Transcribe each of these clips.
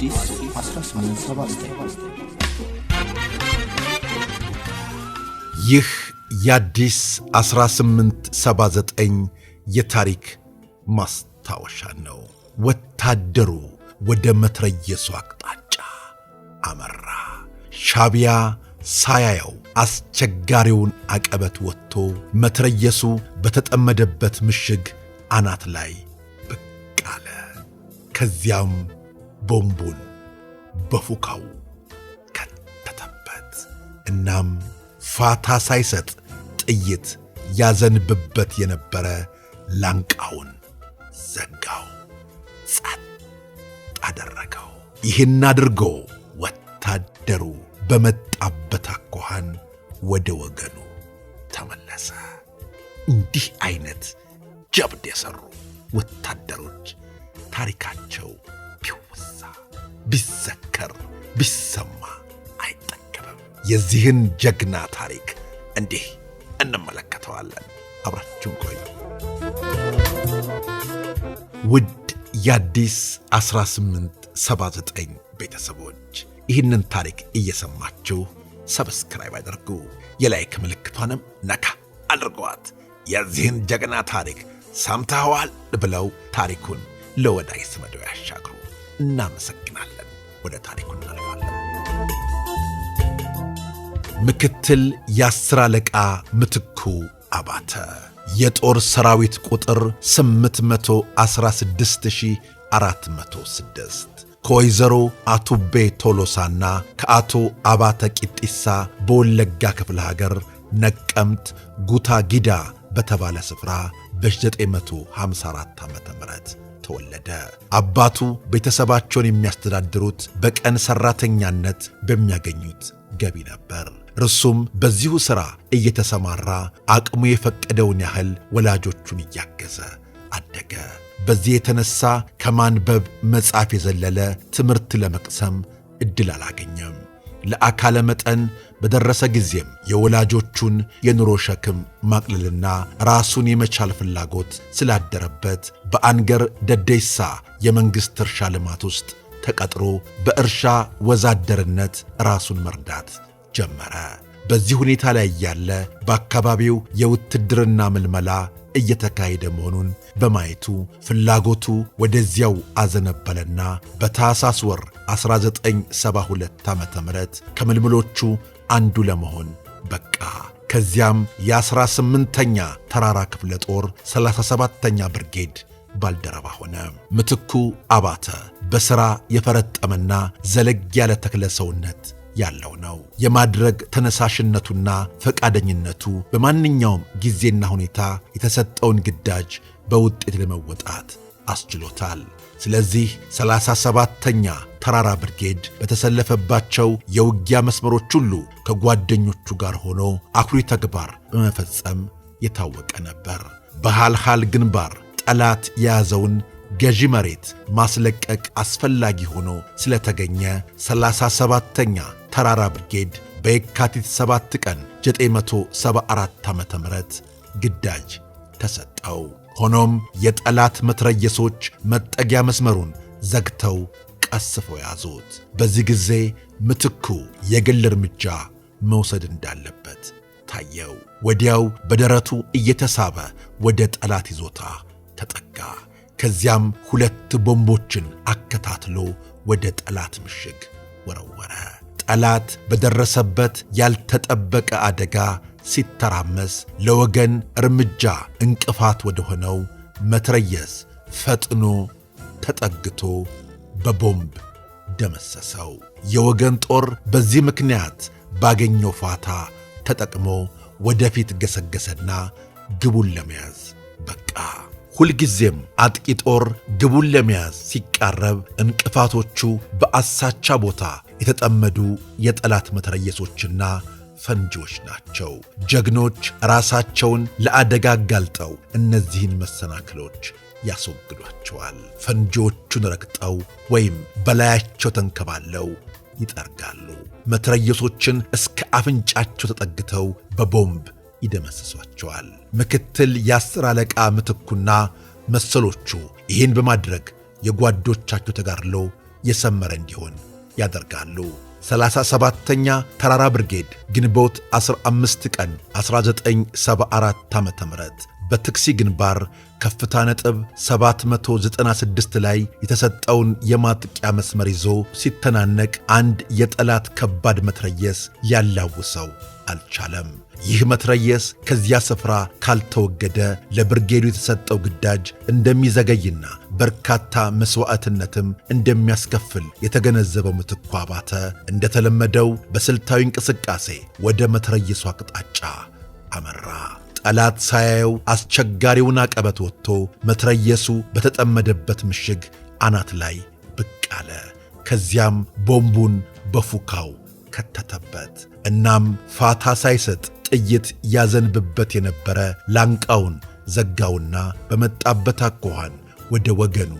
አዲስ 1879 ይህ የአዲስ 1879 የታሪክ ማስታወሻ ነው። ወታደሩ ወደ መትረየሱ አቅጣጫ አመራ። ሻቢያ ሳያየው አስቸጋሪውን አቀበት ወጥቶ መትረየሱ በተጠመደበት ምሽግ አናት ላይ ብቅ አለ። ከዚያም ቦምቡን በፉካው ከተተበት። እናም ፋታ ሳይሰጥ ጥይት ያዘንብበት የነበረ ላንቃውን ዘጋው፣ ጸጥ አደረገው። ይህን አድርጎ ወታደሩ በመጣበት አኳኋን ወደ ወገኑ ተመለሰ። እንዲህ አይነት ጀብድ የሰሩ ወታደሮች ታሪካቸው ቢወሳ፣ ቢዘከር፣ ቢሰማ አይጠገብም። የዚህን ጀግና ታሪክ እንዲህ እንመለከተዋለን። አብራችሁን ቆዩ። ውድ የአዲስ 1879 ቤተሰቦች ይህንን ታሪክ እየሰማችሁ ሰብስክራይብ አድርጉ፣ የላይክ ምልክቷንም ነካ አድርገዋት። የዚህን ጀግና ታሪክ ሰምተኸዋል ብለው ታሪኩን ለወዳጅ ዘመዶ ያሻግሩ። እናመሰግናለን። ወደ ታሪኩ እናልፋለን። ምክትል የአስር አለቃ ምትኩ አባተ የጦር ሰራዊት ቁጥር 816406 ከወይዘሮ አቱቤ ቶሎሳና ከአቶ አባተ ቂጢሳ በወለጋ ክፍለ ሀገር ነቀምት ጉታ ጊዳ በተባለ ስፍራ በ954 ዓ ም ተወለደ። አባቱ ቤተሰባቸውን የሚያስተዳድሩት በቀን ሰራተኛነት በሚያገኙት ገቢ ነበር። እርሱም በዚሁ ሥራ እየተሰማራ አቅሙ የፈቀደውን ያህል ወላጆቹን እያገዘ አደገ። በዚህ የተነሣ ከማንበብ መጻፍ የዘለለ ትምህርት ለመቅሰም ዕድል አላገኘም። ለአካለ መጠን በደረሰ ጊዜም የወላጆቹን የኑሮ ሸክም ማቅለልና ራሱን የመቻል ፍላጎት ስላደረበት በአንገር ደደይሳ የመንግሥት እርሻ ልማት ውስጥ ተቀጥሮ በእርሻ ወዛደርነት ራሱን መርዳት ጀመረ። በዚህ ሁኔታ ላይ እያለ በአካባቢው የውትድርና ምልመላ እየተካሄደ መሆኑን በማየቱ ፍላጎቱ ወደዚያው አዘነበለና በታኅሳስ ወር 1972 ዓ ም ከምልምሎቹ አንዱ ለመሆን በቃ። ከዚያም የ18ኛ ተራራ ክፍለ ጦር 37ኛ ብርጌድ ባልደረባ ሆነ። ምትኩ አባተ በሥራ የፈረጠመና ዘለግ ያለ ተክለ ሰውነት ያለው ነው። የማድረግ ተነሳሽነቱና ፈቃደኝነቱ በማንኛውም ጊዜና ሁኔታ የተሰጠውን ግዳጅ በውጤት ለመወጣት አስችሎታል። ስለዚህ 37ተኛ ተራራ ብርጌድ በተሰለፈባቸው የውጊያ መስመሮች ሁሉ ከጓደኞቹ ጋር ሆኖ አኩሪ ተግባር በመፈጸም የታወቀ ነበር። በሃልሃል ግንባር ጠላት የያዘውን ገዢ መሬት ማስለቀቅ አስፈላጊ ሆኖ ስለተገኘ 37ተኛ ተራራ ብርጌድ በየካቲት 7 ቀን 974 ዓ ም ግዳጅ ተሰጠው። ሆኖም የጠላት መትረየሶች መጠጊያ መስመሩን ዘግተው ቀስፈው ያዙት። በዚህ ጊዜ ምትኩ የግል እርምጃ መውሰድ እንዳለበት ታየው። ወዲያው በደረቱ እየተሳበ ወደ ጠላት ይዞታ ተጠጋ። ከዚያም ሁለት ቦምቦችን አከታትሎ ወደ ጠላት ምሽግ ወረወረ። ጠላት በደረሰበት ያልተጠበቀ አደጋ ሲተራመስ ለወገን እርምጃ እንቅፋት ወደ ሆነው መትረየስ ፈጥኖ ተጠግቶ በቦምብ ደመሰሰው። የወገን ጦር በዚህ ምክንያት ባገኘው ፋታ ተጠቅሞ ወደፊት ገሰገሰና ግቡን ለመያዝ ሁልጊዜም አጥቂ ጦር ግቡን ለመያዝ ሲቃረብ እንቅፋቶቹ በአሳቻ ቦታ የተጠመዱ የጠላት መትረየሶችና ፈንጂዎች ናቸው። ጀግኖች ራሳቸውን ለአደጋ አጋልጠው እነዚህን መሰናክሎች ያስወግዷቸዋል። ፈንጂዎቹን ረግጠው ወይም በላያቸው ተንከባለው ይጠርጋሉ። መትረየሶችን እስከ አፍንጫቸው ተጠግተው በቦምብ ይደመስሷቸዋል። ምክትል የአስር አለቃ ምትኩና መሰሎቹ ይህን በማድረግ የጓዶቻቸው ተጋድሎ የሰመረ እንዲሆን ያደርጋሉ። 37ተኛ ተራራ ብርጌድ ግንቦት 15 ቀን 1974 ም በትክሲ ግንባር ከፍታ ነጥብ 796 ላይ የተሰጠውን የማጥቂያ መስመር ይዞ ሲተናነቅ አንድ የጠላት ከባድ መትረየስ ሊያላውሰው አልቻለም። ይህ መትረየስ ከዚያ ስፍራ ካልተወገደ ለብርጌዱ የተሰጠው ግዳጅ እንደሚዘገይና በርካታ መሥዋዕትነትም እንደሚያስከፍል የተገነዘበው ምትኩ አባተ እንደተለመደው በስልታዊ እንቅስቃሴ ወደ መትረየሱ አቅጣጫ አመራ። ጠላት ሳያየው አስቸጋሪውን አቀበት ወጥቶ መትረየሱ በተጠመደበት ምሽግ አናት ላይ ብቅ አለ። ከዚያም ቦምቡን በፉካው ከተተበት። እናም ፋታ ሳይሰጥ ጥይት ያዘንብበት የነበረ ላንቃውን ዘጋውና በመጣበት አኳኋን ወደ ወገኑ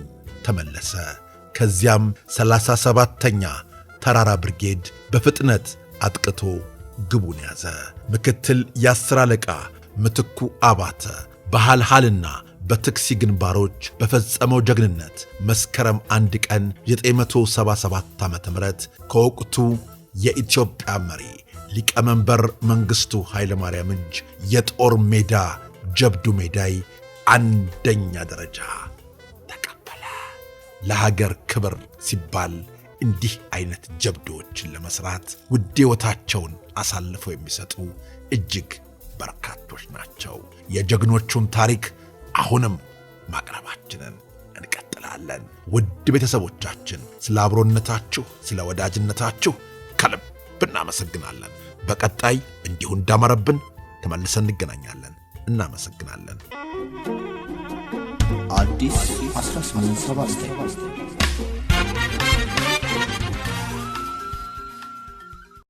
ተመለሰ። ከዚያም ሰላሳ ሰባተኛ ተራራ ብርጌድ በፍጥነት አጥቅቶ ግቡን ያዘ። ምክትል የአስር አለቃ ምትኩ አባተ በሃልሃልና በትክሲ ግንባሮች በፈጸመው ጀግንነት መስከረም አንድ ቀን 977 ዓ ም ከወቅቱ የኢትዮጵያ መሪ ሊቀመንበር መንግሥቱ ኃይለማርያም እጅ የጦር ሜዳ ጀብዱ ሜዳይ አንደኛ ደረጃ ተቀበለ። ለሀገር ክብር ሲባል እንዲህ አይነት ጀብዶዎችን ለመስራት ውዴወታቸውን አሳልፈው የሚሰጡ እጅግ ሰዎች ናቸው። የጀግኖቹን ታሪክ አሁንም ማቅረባችንን እንቀጥላለን። ውድ ቤተሰቦቻችን ስለ አብሮነታችሁ፣ ስለ ወዳጅነታችሁ ከልብ እናመሰግናለን። በቀጣይ እንዲሁ እንዳመረብን ተመልሰን እንገናኛለን። እናመሰግናለን። አዲስ 1879